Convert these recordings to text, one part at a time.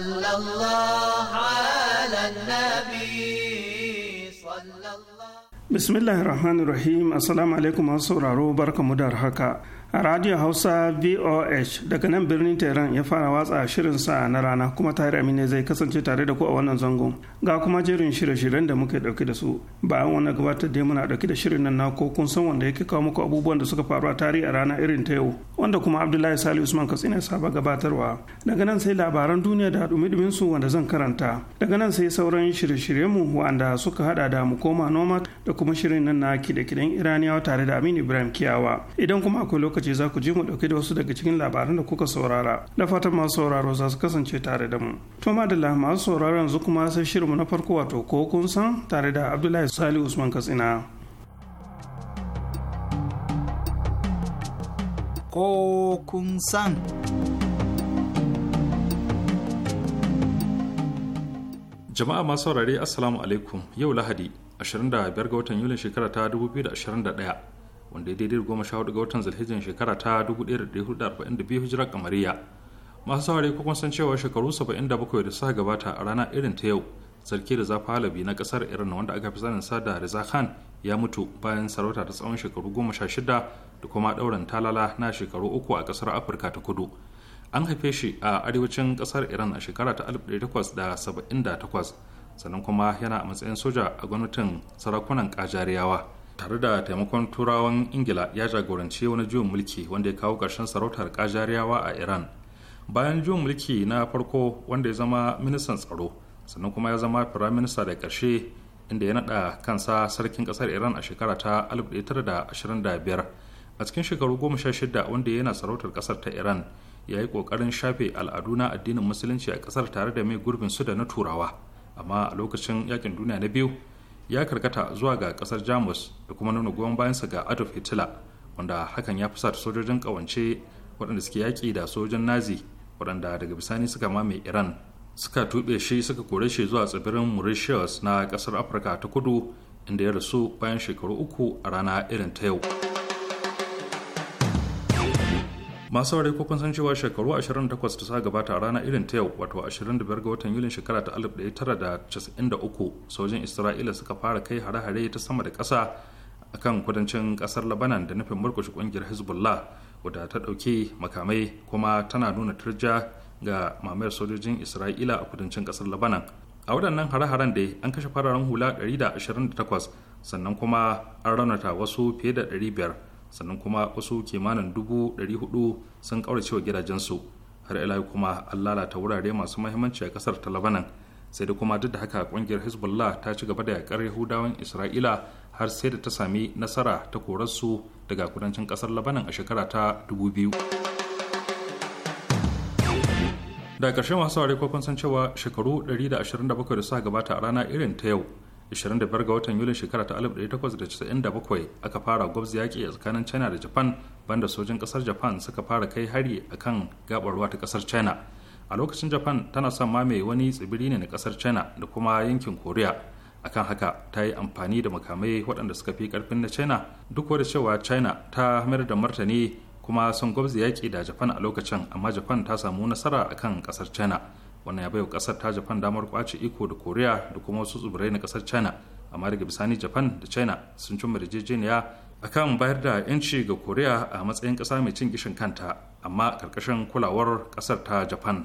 صلى الله على النبي صلى الله بسم الله الرحمن الرحيم السلام عليكم ورحمة الله وبركاته radio hausa voh daga nan birnin tehran ya fara watsa shirin sa na rana kuma tahir amina zai kasance tare da ku a wannan zangon ga kuma jerin shirye-shiryen da muke dauke da su bayan wannan gabatar da muna dauke da shirin nan na ko kun san wanda yake kawo muku abubuwan da suka faru a tarihi a rana irin ta yau wanda kuma abdullahi sali usman katsina saba gabatarwa daga nan sai labaran duniya da dumi su wanda zan karanta daga nan sai sauran shirye shiryen mu wanda suka hada da mu koma noma da kuma shirin nan na kide-kiden iraniyawa tare da aminu ibrahim kiyawa idan kuma akwai lokaci lokaci za ku ji mu dauke da wasu daga cikin labaran da kuka saurara da fatan masu sauraro za su kasance tare da mu to madalla masu sauraro yanzu kuma sai shirinmu na farko wato ko kun san tare da abdullahi sali usman katsina ko kun san jama'a masu saurare assalamu alaikum yau lahadi 25 ga watan yulin shekara ta 2021 wanda ya daidai da goma sha hudu ga watan zulhijjin shekara ta biyu hijirar kamariya masu saurari kuma san cewa shekaru saba'in da suka gabata a rana irin ta yau sarki da halabi na kasar iran wanda aka fi sanin sa da riza Khan ya mutu bayan sarauta ta tsawon shekaru goma sha shida da kuma ɗaurin talala na shekaru uku a kasar Afirka ta kudu. An haife shi a arewacin kasar Iran a shekara ta 1878 sannan kuma yana a matsayin soja a gwamnatin sarakunan kajariyawa. tare da taimakon turawan ingila ya jagoranci wani juyin mulki wanda ya kawo ƙarshen sarautar kajariyawa a iran bayan juyin mulki na farko wanda ya zama ministan tsaro sannan kuma ya zama firaminista da ƙarshe inda ya naɗa kansa sarkin ƙasar iran a shekara ta 1925 a cikin shekaru goma sha shida wanda yana sarautar ƙasar ta iran ya yi ƙoƙarin shafe al'adu na addinin musulunci a ƙasar tare da mai gurbin su da na turawa amma a lokacin yakin duniya na biyu ya karkata zuwa ga kasar jamus da kuma nuna goyon bayansa ga adolf hitler wanda hakan ya fusata sojojin kawance waɗanda suke yaƙi da sojojin nazi waɗanda daga bisani suka mame iran suka tuɓe shi suka kore shi zuwa tsibirin mauritius na kasar afirka ta kudu inda ya rasu bayan shekaru uku a rana irin ta yau masu saurari ko kun san cewa shekaru 28 ta sa gabata a rana irin ta yau wato 25 ga watan yulin shekara ta 1993 sojin isra'ila suka fara kai hare-hare ta sama da ƙasa kan kudancin kasar labanan da nufin murkushe ƙungiyar hezbollah wadda ta ɗauki makamai kuma tana nuna turja ga mamayar sojojin isra'ila a kudancin kasar labanan a waɗannan hare-haren da an kashe fararen hula 128 sannan kuma an raunata wasu fiye da 500 sannan kuma wasu kimanin dubu ɗari hudu sun wa gidajensu har ila kuma an lalata wurare masu mahimmanci a ƙasar ta labanan sai da kuma duk da haka ƙungiyar hezbollah ta ci gaba da yaƙar yahudawan isra'ila har sai da ta sami nasara ta korarsu daga kudancin ƙasar labanan a shekara ta dubu biyu. daga ƙarshen masu saurari ko kun san cewa shekaru 127 da suka gabata a rana irin ta yau 25 ga watan yulin shekara ta 1897 aka fara gwabzi yaƙi a tsakanin china da japan banda sojin ƙasar japan suka fara kai hari a kan gabar ruwa ta ƙasar china a lokacin japan tana son mamaye wani tsibiri ne na ƙasar china da kuma yankin korea akan haka ta yi amfani da makamai waɗanda suka fi ƙarfin na china duk da cewa china ta mayar da martani kuma sun gwabza yaƙi da japan a lokacin amma japan ta samu nasara akan ƙasar china wannan ya bai wa kasar ta japan damar kwace iko da koriya da kuma wasu tsibirai na kasar china amma daga bisani japan da china sun cimma yarjejeniya akan bayar da yanci ga koriya a matsayin kasa mai cin gishin kanta amma karkashin kulawar kasar ta japan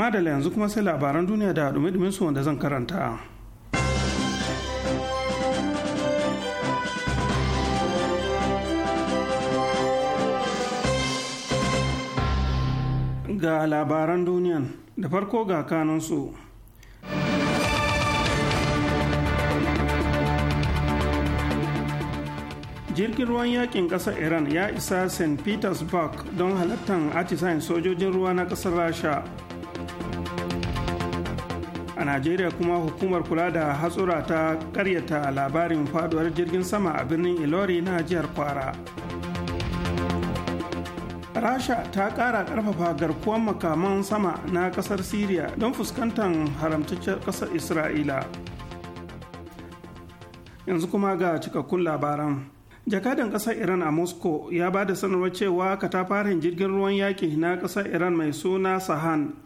madala yanzu kuma sai labaran duniya da dumin su wanda zan karanta ga labaran duniyan da farko ga kanansu jirgin ruwan yakin kasar iran ya isa st petersburg don halartar atisayen sojojin ruwa na kasar rasha a najeriya kuma hukumar kula da hatsura ta karyata labarin faduwar jirgin sama a birnin ilori na jihar kwara rasha ta kara karfafa garkuwar makaman sama na kasar syria don fuskantar haramtacciyar kasar isra'ila yanzu kuma ga cikakkun labaran jakadan kasar iran a moscow ya ba da sanarwar cewa katafaren jirgin ruwan yaki na kasar iran mai suna sahan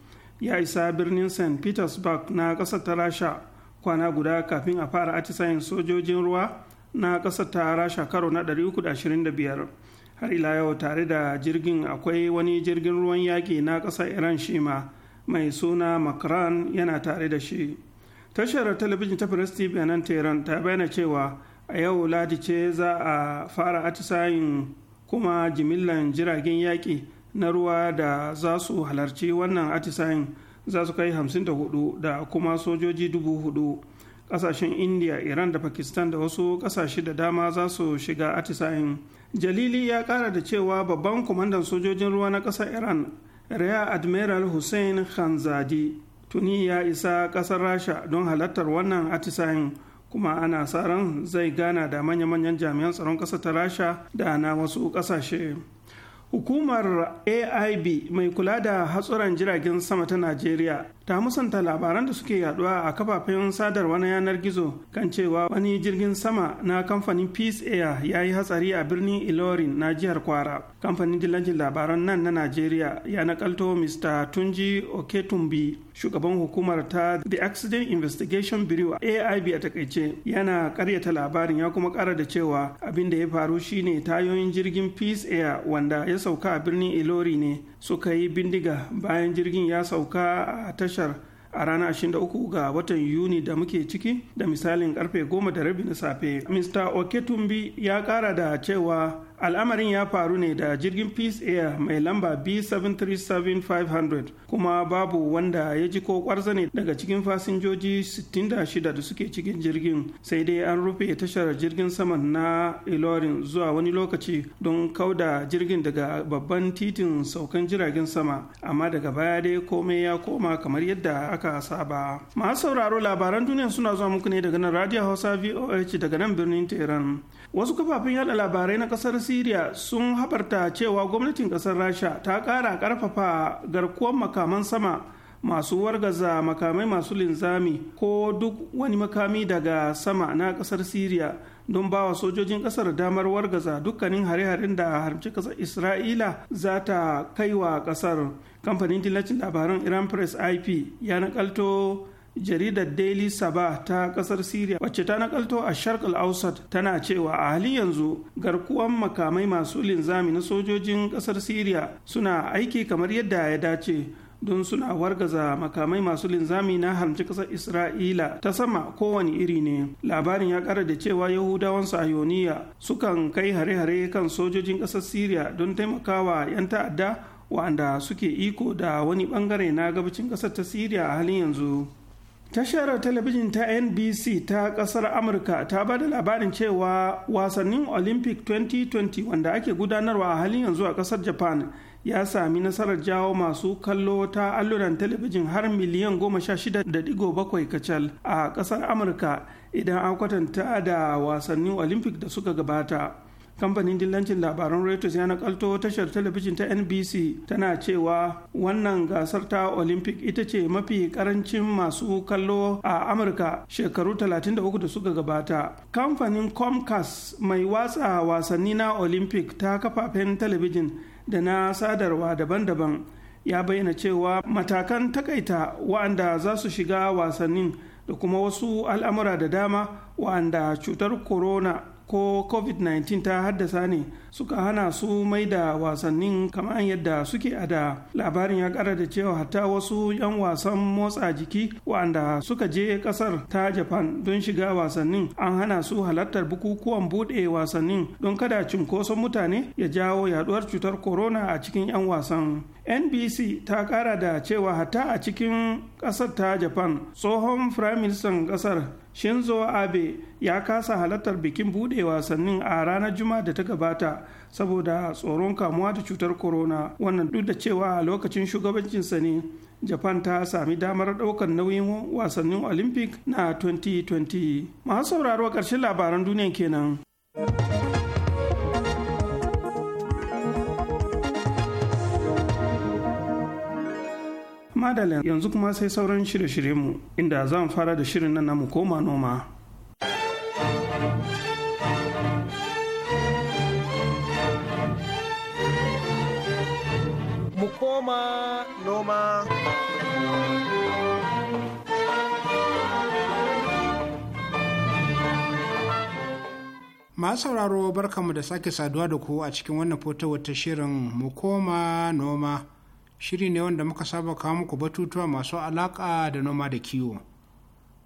ya isa birnin st petersburg na kasar ta rasha kwana guda kafin a fara atisayen sojojin ruwa na kasar ta rasha karo na 325 har ila yau tare da jirgin akwai wani jirgin ruwan yaƙi na ƙasar iran shima mai suna makran yana tare da shi tashar talabijin ta press tv nan tehran ta bayyana cewa a yau ladi ce za a fara atisayin kuma jimillan jiragen yaƙi na ruwa da za su halarci wannan atisayin za su kai 54 da kuma sojoji dubu hudu kasashen india iran da pakistan da wasu kasashe da dama za su shiga atisayin jalili ya kara da cewa babban kwamandan sojojin ruwa na kasar iran rear admiral hussein khanzadi tuni ya isa kasar rasha don halartar wannan atisayin kuma ana sa ran zai gana da manya-manyan jami'an tsaron kasa ta rasha da na wasu kasashe. hukumar aib mai kula da hatsuran jiragen sama ta najeriya ta musanta labaran da suke yaduwa a kafafen sadarwa na yanar gizo kan cewa wani jirgin sama na kamfanin peace air ya yi hatsari a birnin ilorin na jihar kwara kamfanin dillancin labaran nan na najeriya ya nakalto mr tunji oketumbi shugaban hukumar ta the accident investigation bureau aib a takaice yana karyata labarin ya kuma kara da cewa abin da ya faru shine tayoyin jirgin peace air wanda ya sauka a birnin ilori ne suka yi bindiga bayan jirgin ya sauka a tashar a ranar 23 ga watan yuni da muke ciki da misalin karfe 10 da rabi na safe mr oketumbi ya kara da cewa al'amarin ya faru ne da jirgin peace air mai lamba b737-500 kuma babu wanda ya ji ko kwarza ne daga cikin fasinjoji 66 da suke cikin jirgin sai dai an rufe tashar jirgin saman na ilorin zuwa wani lokaci don kauda jirgin daga babban titin saukan jiragen sama amma daga baya dai komai ya koma kamar yadda aka saba masu sauraro labaran duniya suna zuwa muku ne daga nan radio hausa voh daga nan birnin teran. wasu kafafen yada labarai na kasar siriya sun habarta cewa gwamnatin kasar rasha ta kara ƙarfafa garkuwar makaman sama masu wargaza makamai masu linzami ko duk wani makami daga sama na ƙasar siriya don bawa sojojin ƙasar damar wargaza dukkanin hare-haren da harci kasar isra'ila za ta kai wa kasar kamfanin dillacin labaran iran press ip ya nakalto jaridar daily sabah ta kasar syria wacce ta nakalto a Shark al-ausat tana cewa a halin yanzu garkuwan makamai masu linzami na sojojin kasar syria suna aiki kamar yadda ya dace don suna wargaza makamai masu linzami na haramci kasar isra'ila ta sama kowane iri ne labarin ya kara da cewa yahudawan sayoniya sukan kai hare-hare kan sojojin kasar syria don taimakawa 'yan ta'adda wa'anda suke iko da wani bangare na gabacin kasar ta syria a halin yanzu tashar talabijin ta nbc ta kasar amurka ta ba da labarin cewa wasannin olympic 2020 wanda ake gudanarwa a halin yanzu a kasar japan ya sami nasarar jawo masu kallo ta alluran talabijin har miliyan 16.7 kacal a kasar amurka idan an kwatanta da wasannin olympic da suka gabata kamfanin dillancin labaran reuters ya nakalto tashar talabijin ta nbc tana cewa wannan gasar ta olympic ita ce mafi karancin masu kallo a amurka shekaru 33 da suka gabata kamfanin comcast mai watsa wasanni na olympic ta kafafen talabijin da na sadarwa daban-daban ya bayyana cewa matakan takaita wa'anda za su shiga wasannin da kuma wasu al'amura da dama wa'anda cutar corona ko covid-19 ta haddasa ne suka hana su mai da wasannin kamar yadda suke a da labarin ya kara da cewa hatta wasu 'yan wasan motsa jiki wanda suka je kasar ta japan don shiga wasannin an hana su halartar bukukuwan bude wasannin don kada cunkoson mutane ya jawo yaduwar cutar corona a cikin 'yan wasan nbc ta kara da cewa hatta a cikin kasar ta japan tsohon firayim Ministan kasar shinzo abe ya kasa halartar bikin buɗe wasannin a ranar juma'a da ta gabata saboda tsoron kamuwa da cutar corona wannan duk da cewa a lokacin shugabancinsa ne japan ta sami damar ɗaukar nauyin wasannin olympic na 2020 masu sauraro ƙarshen labaran duniya kenan. madalin yanzu kuma sai sauran shirye-shiryenmu inda za mu fara da shirin nan namu koma noma mu koma noma masu sauraro barkamu da sake saduwa da ku a cikin wannan fotowar ta shirin mu koma noma shiri ne wanda muka saba kawo muku batutuwa masu alaƙa da noma da kiwo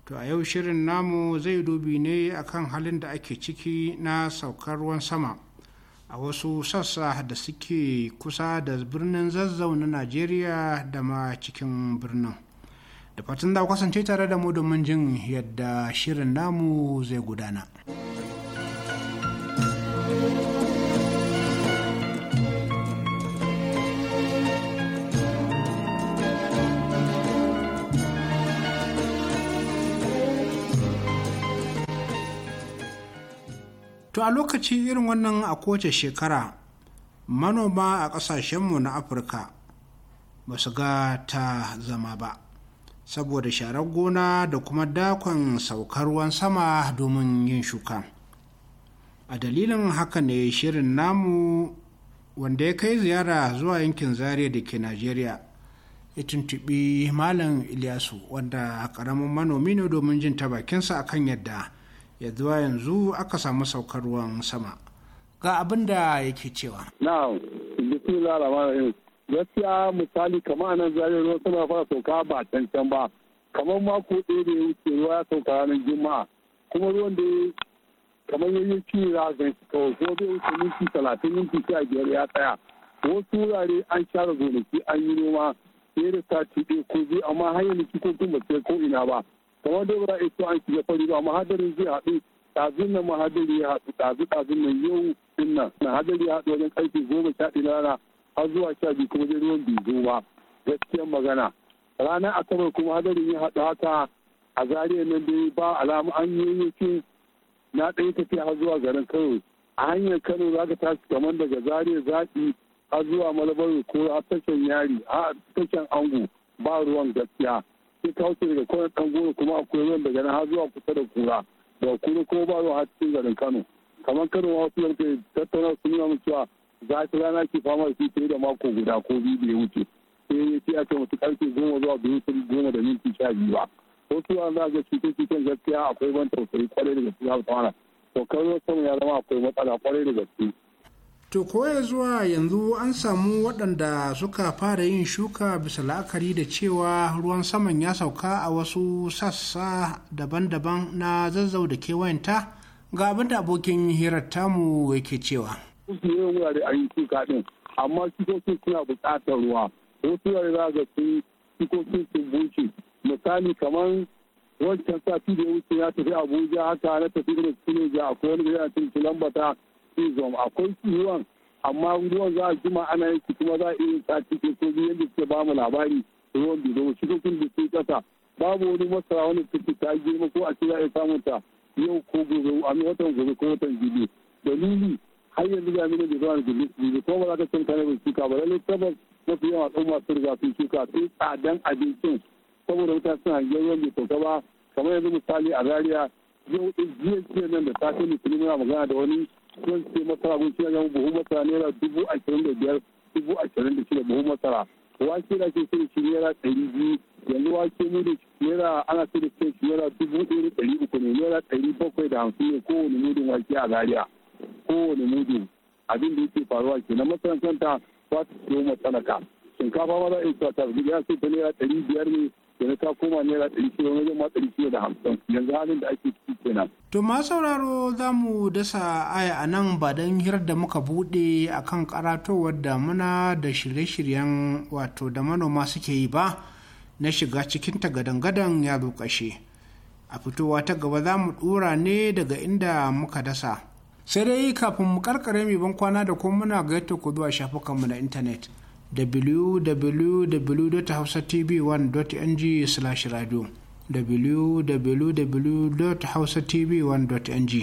to a yau shirin namu zai dubi ne akan halin da ake ciki na saukar ruwan sama a wasu sassa da suke kusa da birnin zazzau na najeriya da ma cikin birnin da fatan za kasance tare da mu domin jin yadda shirin namu zai gudana. to a lokaci irin wannan a kowace shekara manoma a ƙasashenmu na afirka ba su ga ta zama ba saboda sharar gona da kuma dakon saukar ruwan sama domin yin shuka a dalilin haka ne shirin namu wanda ya kai ziyara zuwa yankin zaria da ke najeriya ya tuntuɓi malam ilyasu wanda ƙaramin manomi ne domin jin ta bakinsa akan yadda ya zuwa yanzu aka samu saukar ruwan sama ga abin da yake cewa gaskiya misali kamar nan zai ruwan sama fara sauka ba cancan ba kamar mako ɗaya da ya wuce ruwa ya sauka ranar juma'a kuma ruwan da kamar yayi ci za ga kawai ko bai wuce minti talatin minti sha biyar ya tsaya wasu wurare an share gonaki an yi noma fiye da sati ɗaya ko biyu amma har yanzu tun ba ko ina ba kamar dai ba iko an shiga fari ba mahadarin zai haɗu ɗazun nan mahadari ya haɗu ɗazu ɗazun nan yau din nan mahadari ya haɗu wajen ƙarfe goma sha ɗaya rana har zuwa sha biyu kuma dai ruwan bizo ba gaskiyar magana ranar asabar kuma hadarin ya haɗu haka a zariyar nan dai ba alamu an yi na ɗaya tafiya har zuwa garin kano a hanyar kano za ka tashi kamar daga zariyar zaɓi har zuwa malabar ko a tashan yari a tashan ango ba ruwan gaskiya sun kawo daga kwanan ɗan goro kuma akwai ruwan daga nan har zuwa kusa da kura daga kura ko ba zuwa har cikin garin kano kamar kano ma wasu yanke tattauna sun nuna mun cewa zafi rana ke fama da shi da mako guda ko biyu da ya wuce sai sai aka mutu karfe goma zuwa biyu sun goma da minti sha biyu ba wasu yawan za a ga cutar cutar gaskiya akwai ban tausayi kwarai da gaske ya fara to kawai sama ya zama akwai matsala kwarai da gaske to koya zuwa yanzu an samu waɗanda suka fara yin shuka bisa la'akari da cewa ruwan saman ya sauka a wasu sassa daban-daban na zazzau da kewayenta ga abin da abokin hirar tamu yake cewa. Kusurin wurare an amma shukokin suna buƙatar ruwa. Wasu wurare za ga sun shukokin sun Misali kamar wancan sati da ya wuce ya tafi Abuja haka na tafi da su ga akwai wani gari a cikin Lambata tsizon akwai ruwan amma ruwan za a jima ana yanki kuma za a iya sati ke biyan da suke ba labari ruwan bai zama shukokin da sun kasa babu wani masara wani suke ta girma ko a ce za a samun ta yau ko gobe a watan gobe ko watan jibi dalili har yanzu ga mini da zuwa da jibi ko ba za ka san kare mai shuka ba lalle tabbas mafi yawa al'umma masu riga sun shuka sai tsadan abincin saboda wuta suna yawan bai sauka ba kamar yanzu misali a zariya yau jiya jiya nan da safe ne kuma muna magana da wani zan ce masara kun ce ga buhu masara naira dubu ashirin da biyar dubu ashirin da shida buhu masara wake da ke sai shi naira ɗari biyu yanzu wake mu da naira ana sai da shi naira dubu ɗaya da ɗari uku ne naira ɗari bakwai da hamsin ne kowane mudun wake a zaria kowane mudun abin da yake faruwa ke na masarar kanta ba ta siyo matsalaka shinkafa ma za a iya ta ya sai ta naira ɗari biyar ne yanzu ta koma naira ɗari shida wajen zama ɗari da hamsin yanzu halin da ake ciki kenan. to ma sauraro za mu dasa aya a nan ba don hirar da muka buɗe a kan karatowar damuna da shirye-shiryen wato da manoma suke yi ba na shiga cikin tagadan-gadan ya zo kashe a fitowa ta gaba za mu dura ne daga inda muka dasa sai dai kafin mu karkare mai ban kwana da kuma muna gayyata ku zuwa shafukanmu na intanet www.hausatv1.ng/radio www.hausatv1.ng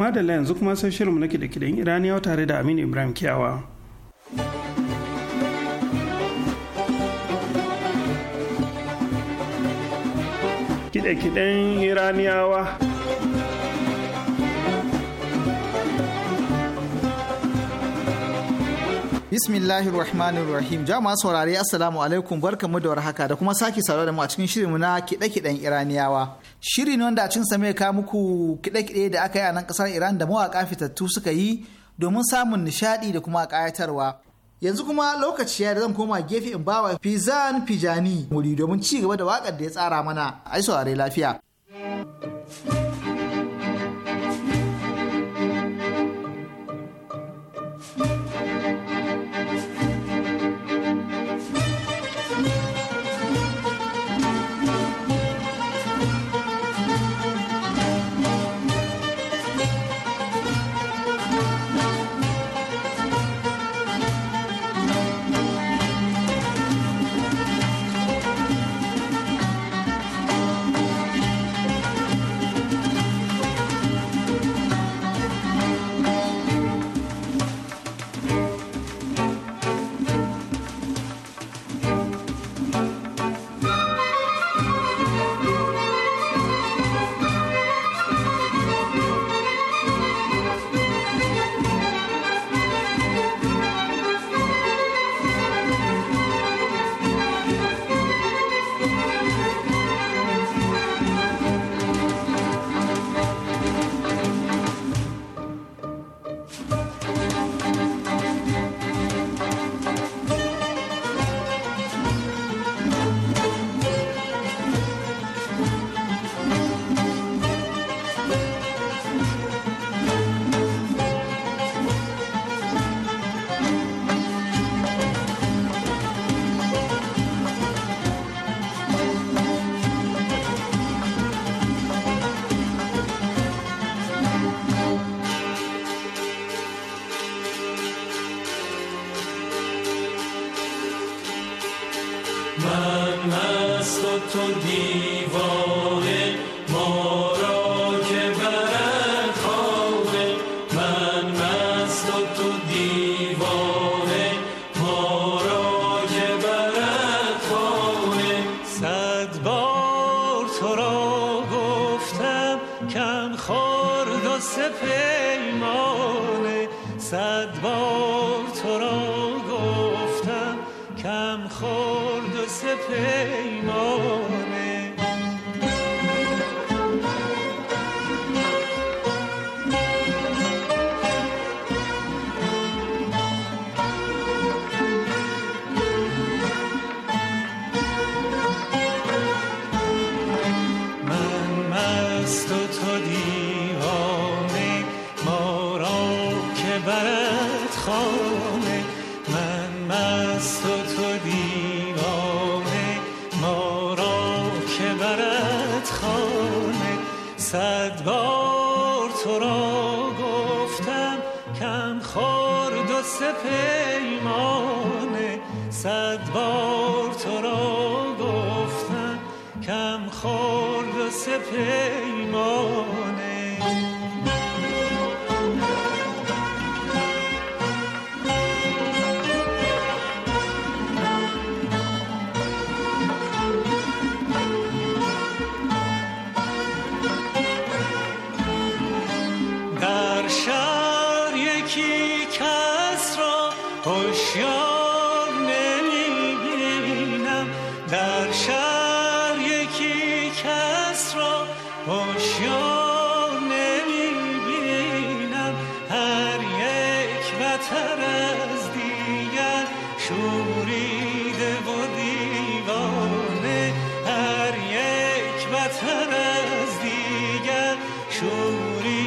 madalla yanzu kuma sai shirinmu na kiɗe-kiɗen iraniyawa tare da aminu ibrahim kiyawa kiɗe-kiɗen iraniyawa Bismillahir Rahmanir Rahim. Jama'a saurare Assalamu alaikum barkamu da warhaka da kuma sake saurare da mu a cikin shirinmu na kide kiden Iraniyawa. Shiri ne wanda a cikin same ka muku kide kiɗe da aka yi a nan kasar Iran da mawaƙa fitattu suka yi domin samun nishaɗi da kuma ƙayatarwa. yanzu kuma lokaci ya da zan koma gefe in bawa fizan fijani muri domin ci gaba da wakar da ya tsara mana ai saurare lafiya صد بار تو را گفتم کم خورد و سپه بار تو را گفتم کم خور و سه پیمانه صد بار تو را گفتم کم خور و سه پیمانه تر از دیگر شوری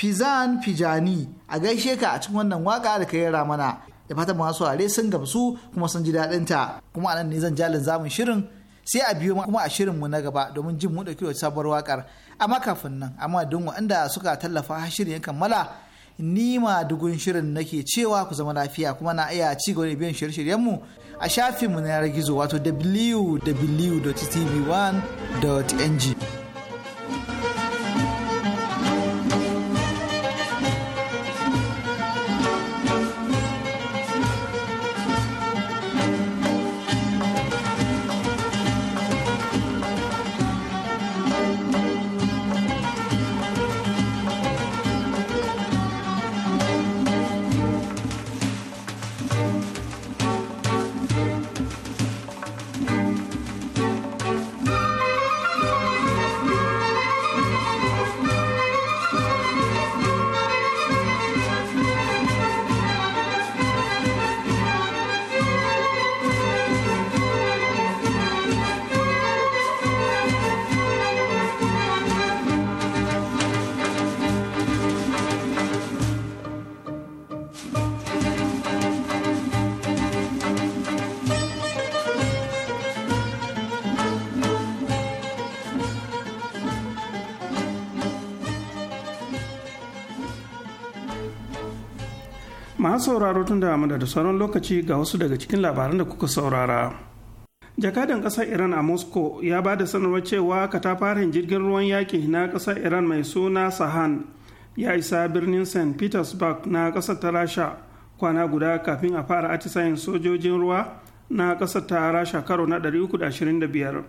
Fizan Fijani a gaishe ka a cikin wannan waka da ka yara mana da fatan masu saurare sun gamsu kuma sun ji daɗin ta kuma anan ne zan jalin zamun shirin sai a biyo kuma a shirin mu na gaba domin jin mu dauki sabuwar wakar amma kafin nan amma don waɗanda suka tallafa shirin ya kammala ni ma dugun shirin nake cewa ku zama lafiya kuma na iya ci gaba da biyan shirye-shiryen mu a shafin mu na yar gizo wato www.tv1.ng sauraro tun da da sauran lokaci ga wasu daga cikin labaran da kuka saurara. Jakadan ƙasar Iran a Moscow ya ba da sanarwar cewa katafaren jirgin ruwan yaƙi na ƙasar Iran mai suna Sahan ya isa birnin St. Petersburg na ƙasar ta Rasha kwana guda kafin a fara atisayen sojojin ruwa na ƙasar ta Rasha karo na 325.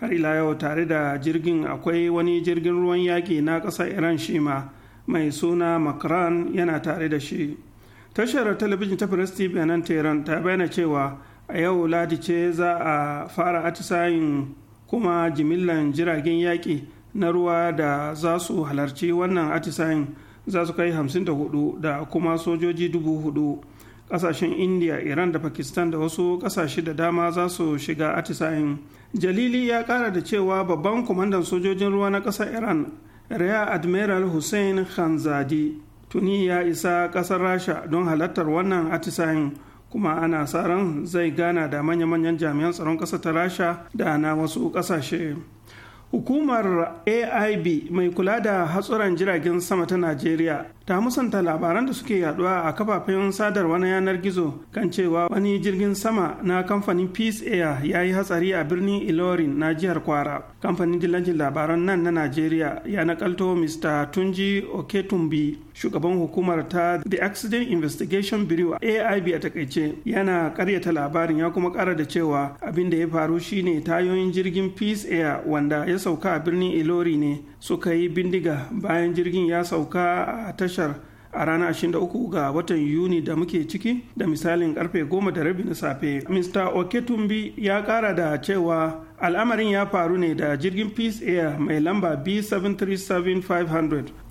Har ila yau tare da jirgin akwai wani jirgin ruwan yaƙi na ƙasar Iran shima mai suna Makran yana tare da shi. tashar talabijin ta press tv a nan tehran ta bayyana cewa a yau ladi ce za a fara atisayin kuma jimillan jiragen yaƙi na ruwa da za su halarci wannan atisayin za su kai 54 da kuma sojoji 4,000 ƙasashen kasashen india iran da pakistan da wasu kasashe da dama za su shiga atisayin jalili ya kara da cewa babban kwamandan sojojin ruwa na ƙasar iran rear admiral hussein khanzadi tuni ya isa kasar rasha don halartar wannan atisayin kuma ana sa zai gana da manya-manyan jami'an tsaron kasa ta rasha da na wasu kasashe. hukumar aib mai kula da hatsuran jiragen sama ta najeriya ta musanta labaran da suke yaduwa a kafafen sadarwa na yanar gizo kan cewa wani jirgin sama na kamfanin peace air ya yi hatsari a birnin ilorin na jihar kwara kamfanin dillancin labaran nan na najeriya ya nakalto mr tunji oketumbi shugaban hukumar ta the accident investigation bureau aib a takaice yana karyata labarin ya kuma kara da cewa abin da ya faru shine tayoyin jirgin peace air wanda ya sauka a birnin ilori ne suka yi bindiga bayan jirgin ya sauka a tashar a ranar 23 ga watan yuni da muke ciki da misalin karfe 10:30 na safe mr oketumbi ya kara da cewa al'amarin ya faru ne da jirgin peace air mai lamba b 737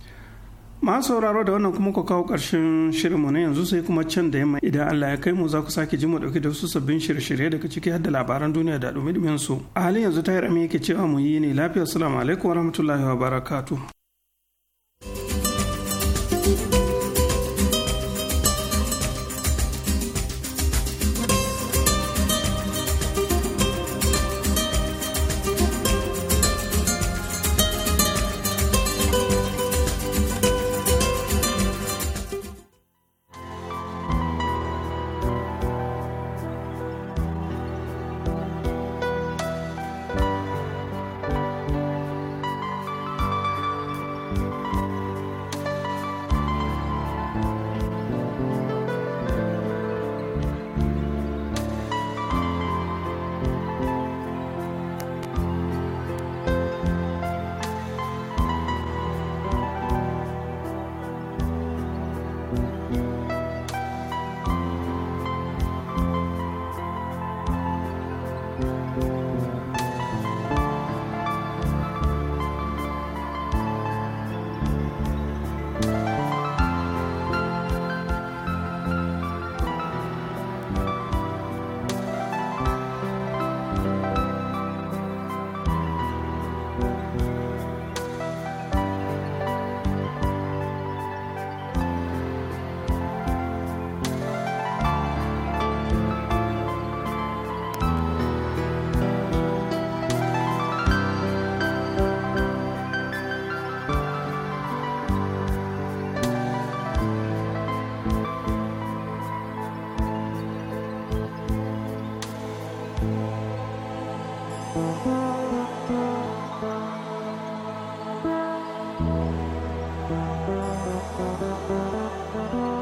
masu sauraro da wannan kuma ku kawo ƙarshen shirinmu na yanzu sai kuma can da yamma idan Allah ya kai mu za ku sake ji mu dauki da wasu sabbin shirye-shirye daga ciki har da labaran duniya da dumi su a halin yanzu tayar amin yake cewa mu yi ne lafiya assalamu alaikum warahmatullahi wabarakatuh thank you